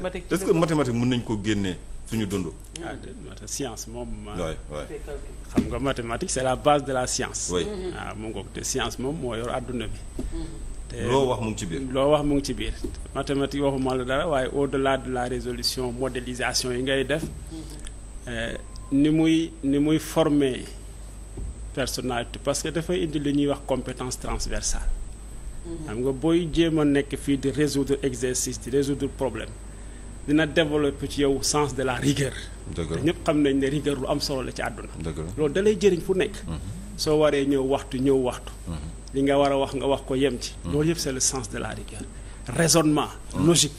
mathématique est-ce que mathématique mën nañ ko génnee suñu dund. ah science moom. Euh, xam nga mathématique c'est la base de la science. oui waaw ah, mu ngoog te science moom moo yor àdduna bi. te loo wax mu ngi ci biir loo wax mu ci biir mathématique waxuma la dara waaye au de la de la résolution modélisation yi ngay def euh, ni muy ni muy forme personnalité parce que dafay indi li ñuy wax compétence transversale. Mm-hmm. xam nga booy jéem a nekk fii di résoudre exercice di résoudre problème. dina développer ci yow sens de la rigueur. dëgg ñëpp xam nañ ne rigueur lu am solo la ci àdduna. dëgg la loolu da jëriñ fu nekk. Mhm. soo waree ñëw waxtu ñëw waxtu. Mhm. li nga war a wax nga wax ko yem ci. Mhm. loolu yëpp c'est le sens de la rigueur. raisonnement. logique.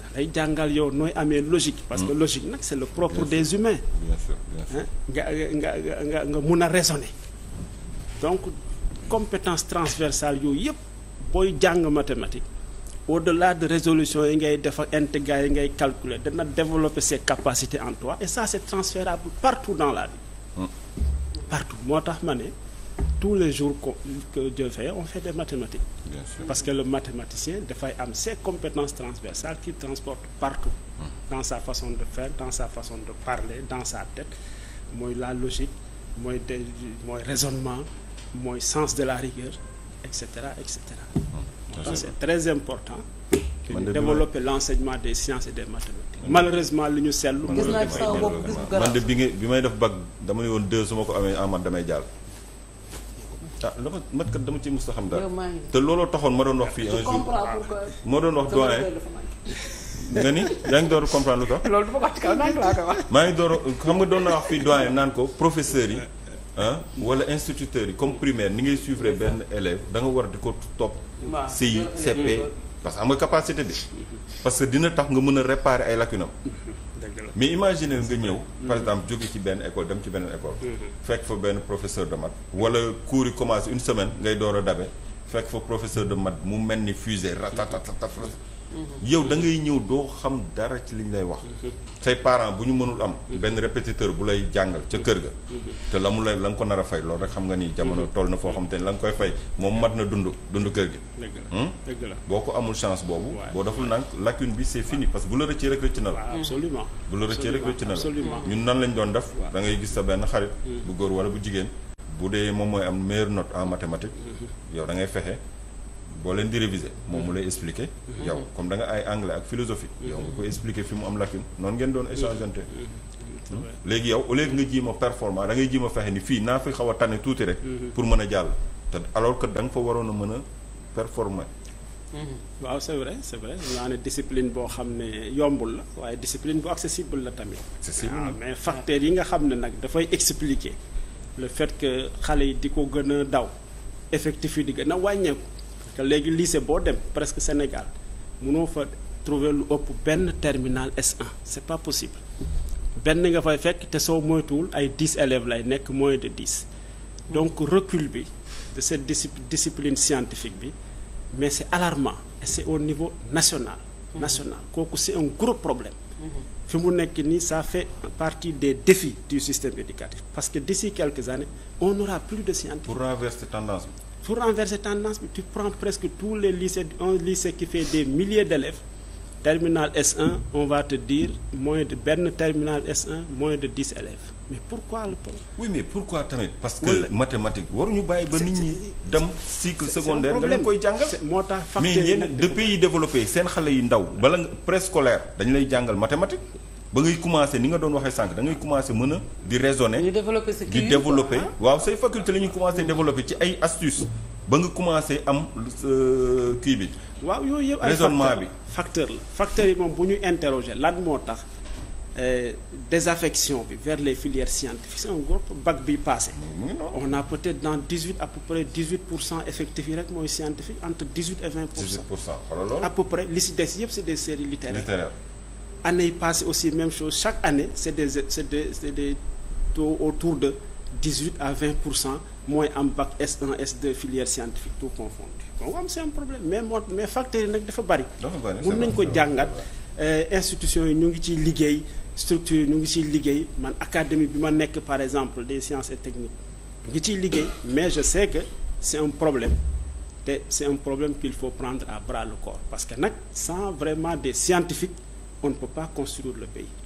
da lay jàngal yow nooy amee logique. parce que logique nag c'est le propre des humains. bien nga nga nga nga mun a raisonner. donc compétence transversale yooyu yëpp booy jàng mathématique. au-delà de résolution yi ngay def ak yi ngay calculer dana développer ses capacités en toi et ça c'est transférable partout dans la vie mm. partout moo tax ma ne tous les jours que Dieu fait on fait de mathématiques parce que le mathématicien dafay am ses compétences transversales qu'il transporte partout mm. dans sa façon de faire dans sa façon de parler dans sa tête mooy la logique mooy de mooy raisonnement mooy sens de la rigueur et cetera et cetera mm. ça c'est très important que ñu développer l'enseignement des sciences et des mathématiques malheureusement lu ñu seetlu man de bi nga bi may def bag dama ne woon deux su ko amee en ah mat damay jàll ah la ma mat kat dama ci mos a xam daal te looloo taxoon ma doon wax fii moo jour ma doon wax doyen nga ni yaa ngi door comprendre lu tax loolu maa ngi door xam nga doon naa wax fii doyen naan ko professeur yi ah wala instituteurs yi comme primaire ni ngay suivre benn élève danga war di ko topp CI CP parce que am nga capacité bi parce que dina tax nga mën a réparer ay lacune am mais imaginer nga ñëw par exemple jóge ci benn école dem ci benn école mm-hmm. fekk fa benn professeur de maths wala cours yi commence une semaine ngay door a dabe fekk fa professeur de maths mu mel ni fusée ratatatata yow da ngay ñëw doo xam dara ci liñ lay wax say parent bu ñu mënul am benn répétiteur bu lay jàngal ca kër ga te la mu lay la nga ko nar a fay loolu rek xam nga ni jamono toll na foo xam te ni la nga koy fay moom mat na dund dund kër gi hmm? boo ko amul chance boobu boo deful lakk lacune bi c'est fini parce que bu la rëccee rek rëcc na la absolument bu la rëccee na la ñun nan lañ doon def da ngay gis sa benn xarit mm. bu góor wala bu jigéen bu dee moom mooy am meilleure not en mathématique mm-hmm. yow da fexe boo leen di réviser moom mu mhm. lay expliquer mhm. yow comme da ay anglais ak philosophie mhm. yow nga koy expliquer fi mu am lacune noon ngeen doon échangeante hmm? léegi yow au lieu nga ji ma performant da ngay ji ma fexe ni fii naa fi xaw a tane tuuti rek pour mën a jàll te alors que da nga fa waroon a mën a performer waaw c'est vrai c'est vrai naa ne discipline boo xam ne yombul la waaye discipline bu accessible la tamit waaw mais facteurs yi nga xam ne nag dafay expliquer le fait que xale yi di ko gën a daw effectif yi di gën a wàññeeku parce que léegi lycée boo dem presque Sénégal mënoo fa trouver lu ëpp benn terminal S1 c'est pas possible benn nga fay fekk te soo moytuwul ay dix élèves lay nekk moins de dix donc recule bi de cette discipline scientifique bi mais c'est alarmant et c'est au niveau national mhm. national kooku c'est un gros problème mhm. fi mu nekk nii ça fait partie des défis du système éducatif parce que d'ici quelques années on n'aura plus de scientifiques pour renverser tendance bi pour renverser tendance bi tu prends presque tous les lycées en lycée qui fait des milliers d'élèves terminal s en on va te dire moins de benn terminal S1 de dix élèves mais pourquoi le problème. oui mais pourquoi tamit parce que oui. mathématique waruñu bàyyi ba nit ñi dem cycle secondaire nga leen koy jàngal moo tax mais yéen de pays développé seen xale yu ndaw bala nga préscolaire dañu lay jàngal mathématique ba ngay commencé ni nga doon waxee sànq da ngay commencé mën a di raisonner di développer waaw say faculté la ñuy commencé mm. ci ay astuces ba nga commencé am euh, kii bi waaw yooyu yëpp ay raisonnement bi facteur la facteur yi moom bu ñu interroger lan moo tax euh, désaffection bi vers les filières scientifiques en gros bac bi passé on a peut-être dans dix-huit à peu près dix-huit pour cent effectifs yi rek mooy scientifique entre dix li si des yëpp c'est des séries littéraires année yi passée aussi même chose chaque année c'est des c'est des c'est des taux autour de dix-huit à vingt pour cent mooy am bac S1 S2 filière scientifique tout confondu bon am c'est un problème mais moo mais facteurs yi nag dafa bari mun nañ ko jàngat euh, institutions yi ñu ngi ciy liggéey structures yi ñu ngi ciy liggéey man académie bi ma nekk par exemple des sciences et techniques ngi ciy liggéey mais je sais que c'est un problème te c'est un problème qu'il faut prendre à bras le parce que nag sans vraiment des scientifiques on ne peut pas construire le pays